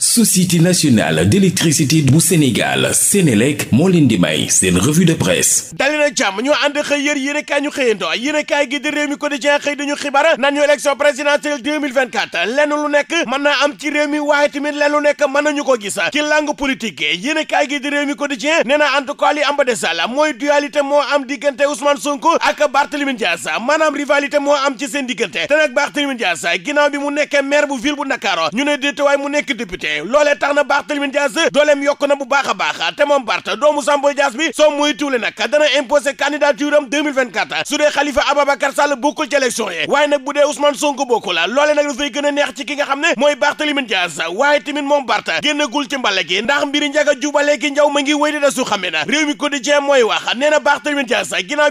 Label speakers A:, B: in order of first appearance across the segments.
A: société nationale d'électricité bu Sénégal Sénélec moo leen seen revue de presse dali na ñu ànd xëy yër yéenekaay ñu xëyando yéenekaay gi di réew mi quotidien xëy dañu xibaar naan ñu élection présidentielle 2024 lenn lu nekk mën naa am ci réew waaye tamit lenn lu nekk mën nañu ko gis ci langue politique yéenekaay gi di réew mi quotidien nee na en tout cas li am ba desal mooy moo am diggante Ousmane Sonko ak Barthélémy Dias maanaam rivalité am ci te nag Barthélémy Dias ginnaaw Kanté loolee tax na Barthélémy Dias dooleem yokk na bu baax a te moom Barth doomu Samba bi soo muy tuule nag dana imposer candidature am 2024 su dee Khalifa Ababacar Sall bokkul ci élection yi waaye nag bu dee Ousmane Sonko bokkul loole nag dafay gën neex ci ki xam ne mooy Barthélémy Dias waaye tamit moom Barth génnagul ci mbàlle gi ndax mbiri njaga jubale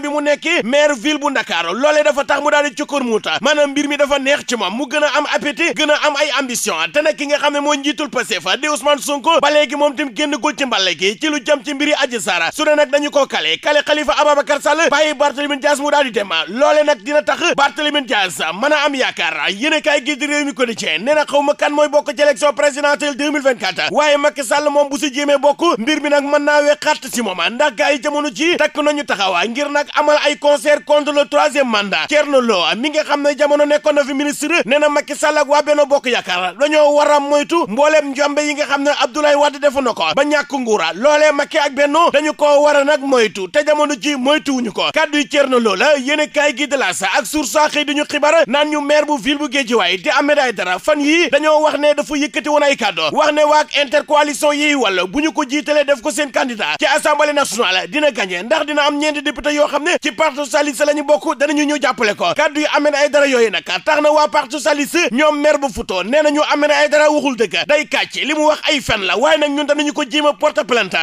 A: bi mu nekk maire ville bu Ndakaaru dafa tax mu daal di mu gën a am njiitul Pastef di Ousmane Sonko ba léegi moom tim génn gul ci mbàlle gi ci lu jëm a mbiri Adji Sarr su ne nag dañu ko kale kale Khalifa Ababacar Sall bàyyi Barthélémy mu daal di loole nag dina tax Barthélémy Dias mën a am yaakaar yéene kaay gi di réew mi quotidien na xaw kan mooy bokk ci élection présidentielle 2024 waaye Macky moom bu si bokk mbir mi nag mën naa weexaat si moom ndax gaa jamono ci takk nañu taxawaa ngir nag amal ay concert contre le troisième mandat nga xam ne jamono nekkoon na fi ministre nee na Macky Sall ak war a moytu mbooleem njombe yi nga xam ne Abdoulaye Wade defu na ko ba ñàkk nguura loolee Macky ak Benno dañu koo war a nag moytu te jamono ji moytuwuñu ko kàddu yi Thierno Lo la yéen kaay gi de la sa ak source xëy di ñu xibaar naan ñu maire bu ville bu Guédiawaye di Ahmed Aïdara fan yii dañoo wax ne dafa yëkkati woon ay kàddu wax ne waak intercoalition yi wala bu ñu ko jiitalee def ko seen candidat ci assemblée nationale dina gagné ndax dina am ñeenti député yoo xam ne ci parti socialiste la ñu bokk danañu ñu jàppale ko kàddu yi Ahmed yooyu nag tax na waa parti socialiste ñoom maire bu Fouta nee nañu Ahmed Aïdara waxul dëgg day kàcc li mu wax ay fen la waaye nag ñun danañu ko jéem a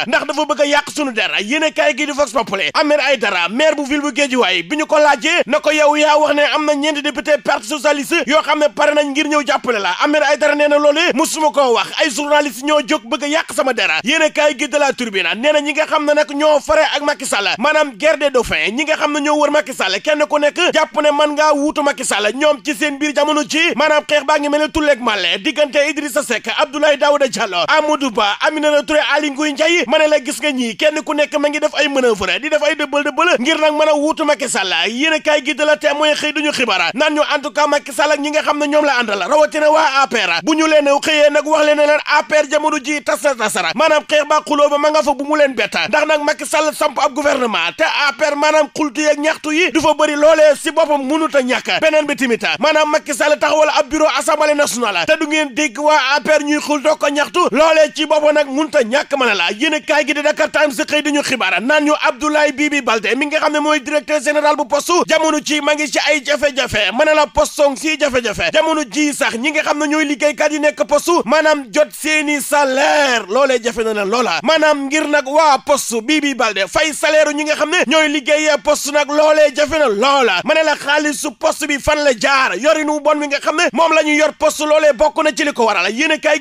A: ndax dafa bëgg a yàq sunu dara yéene kaay gi di vox populi Ahmed Aïdara maire bu ville bu Guédiawaye bi ñu ko laajee na ko yow wax ne am na ñeenti député parti socialiste yoo xam ne pare nañ ngir ñëw jàppale la Ahmed Aïdara nee na loolu musuma koo wax ay journaliste ñoo jóg bëgg a yàq sama dara yéene kaay gi de la Tribune ñi nga xam ne nag ñoo fare ak Macky Sall maanaam guerre des ñi nga xam ne ñoo Abdoulaye Daouda Diallo Amadou Ba Aminata Touré Aly Ngouille Ndiaye ma ne la gis nga ñii kenn ku nekk ma ngi def ay manœuvre di def ay dëbbal ngir nag mën a wuutu Macky Sall yéen a kaay gi de la duñu xibaar naan ñu en tout cas Macky xam ne ñoom la àndal rawatina waa APR bu ñu leen xëyee nag wax leen ne leen APR jamono ji tasa tasara maanaam xeex ba xuloo ma nga fa bu leen betta ndax nag Macky samp ab gouvernement te a du xul doo ko ñaxtu loolee ci boobu nag munta ñàkk mën a la yéen a kaay gi di Dakar Times xëy di ñu xibaara naan ñu Abdoulaye Bibi Baldé mi nga xam ne mooy directeur général bu poste jamono ci ma ngi ci ay jafe-jafe mën a la postong si jafe-jafe jamono ji sax ñi nga xam ne ñooy liggéeykat yi nekk poste maanaam jot seeni salaire loolee jafe na leen loola maanaam ngir nag waa poste Bibi Baldé fay salaire ñi nga xam ne ñooy liggéeyee poste nag loolee jafe na loola mën a la xaalisu poste bi fan la jaar yorinu bon mi nga xam ne moom la ñu yor poste loolee bokk na ci li ko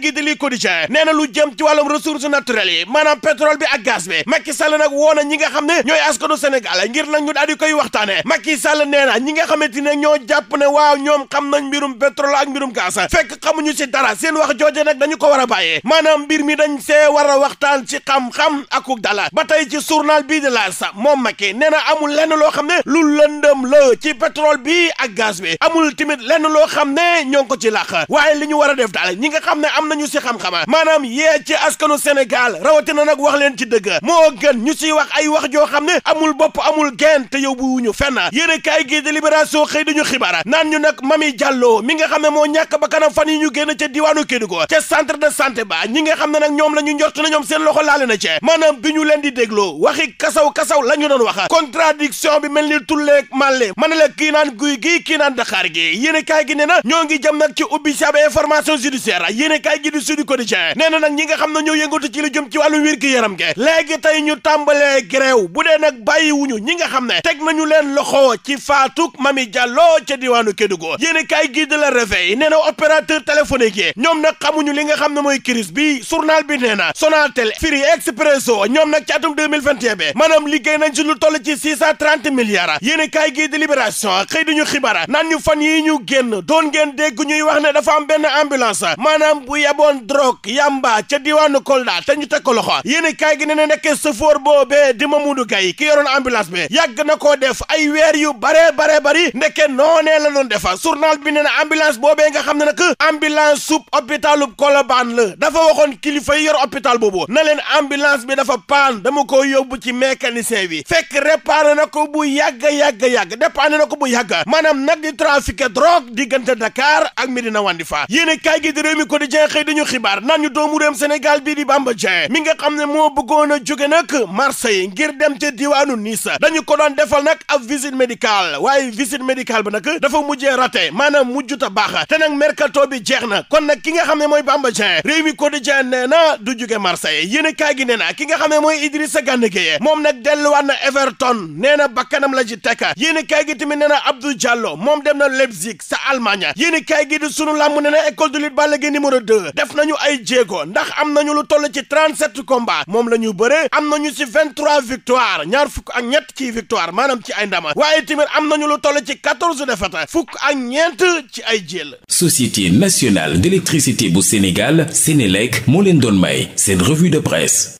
A: gi di li quotidien lu jëm ci wàllum ressources naturelles yi maanaam pétrole bi ak gaz bi Macky Sall nag woo na ñi nga xam ne ñooy askanu Sénégal ngir nag ñu daal di koy waxtaane Macky Sall na ñi nga xamante ne ñoo jàpp ne waaw ñoom xam nañ mbirum pétrole ak mbirum gaz fekk xamuñu ci dara seen wax jooje nag dañu ko war a bàyyee maanaam a waxtaan xam-xam akuk dala ba tey ci journal bii de la sa moom Macky nee na amul lenn loo xam ne lu lëndëm la ci pétrole bi ak gaz bi amul tamit lenn loo xam ne ñoo ngi ko ci làq waaye li ñu war a def daal ñi nga xam ne am ñu si xam-xama maanaam yee ci askanu Sénégal rawatina nag wax leen ci dëgg moo gën ñu siy wax ay wax joo xam ne amul bopp amul genn te yow bu wuñu fenn yéene kaay gi délibération xëy dañu xibaar naan ñu nag mam Mami Diallo mi nga xam ne moo ñàkk ba kana fan yi ñu génn ca diwaanu Kédougou ca centre de sante ba ñi nga xam ne nag ñoom la ñu njort na ñoom seen loxo laale na ci maanaam bi ñu leen di dégloo waxi kasaw-kasaw la ñu doon wax contradiction bi mel ni tulleeg màlle ma ne kii naan guy gi kii naan daxaar gi yéene kaay gi na ñoo ngi jëm nag ci ubbi sab information judiciaire yéene kaay gi di Sud Quotidien nee na nag ñi nga xam ne ñoo yëngatu ci lu jëm ci wàllu wér gi yaram ge léegi tey ñu tàmbalee gréew bu dee nag bàyyiwuñu ñi nga xam ne teg nañu leen loxo ci faatuk Mami Diallo ca diwaanu Kédougou yéen kaay gi de la Réveil nee na opérateur téléphonique ñoom nag xamuñu li nga xam ne mooy crise bi journal bi nee na firi Free Expresso ñoom nag ci atum 2021 bi maanaam liggéey nañ ci toll ci 630 milliards yéen kaay gi de Libération xëy diñu xibara naan ñu fan yi ñu génn doon ngeen dégg ñuy wax ne dafa am benn ambulance maanaam bu leboon drogue yamba ca diwaanu Kolda te ñu teg ko loxo yéen kaay gi ne ne nekk sëfoor boobee di Mamadou Gaye ki yoroon ambulance bi yàgg na koo def ay weer yu bare bare bari ndekke noonee la doon defa journal bi ne na ambulance boobee nga xam ne nag ambulance sub hôpitalu Colobane la dafa waxoon kilifa yi yor hôpital booboo na leen ambulance bi dafa paan dama ko yóbbu ci mécanicien bi fekk réparé na ko bu yàgg yàgg yàgg dépanné na ko bu yàgg maanaam nag di trafiqué drogue diggante ñu xibaar naan ñu doomu réem Sénégal bii di Bamba Dieng mi nga xam ne moo bëggoon a jóge nag Marseille ngir dem ca diwaanu Nice dañu ko doon defal a ab visite médicale waaye visite médicale ba nag dafa mujjee raté maanaam mujjuta baax te nag mercato bi jeex na kon na ki nga xam ne mooy Bamba Dieng réew mi quotidien nee na du jóge Marseille yéen a kaay gi nee na ki nga xam ne mooy Idrissa Gana Gueye moom nag delluwaat na Everton nee na bakkanam la ci tekk yéen a kaay gi tamit nee na Abdou moom dem na Leipzig sa Allemagne yéen a kaay gi di sunu làmb nee na école de lutte Balla Gaye numéro def nañu ay jéego ndax am nañu lu toll ci 37 combat moom la ñu bëre am nañu ci 23 victoire ñaar fukk ak ñett ci victoire maanaam ci ay ndama waaye tamit am nañu lu toll ci 14 défaite fukk ak ñeent ci ay jéel. Société nationale d'électricité bu Sénégal Sénélec moo leen doon may seen revue de presse.